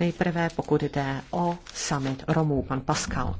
Nejprve pokud jde o summit Romů, pan Pascal.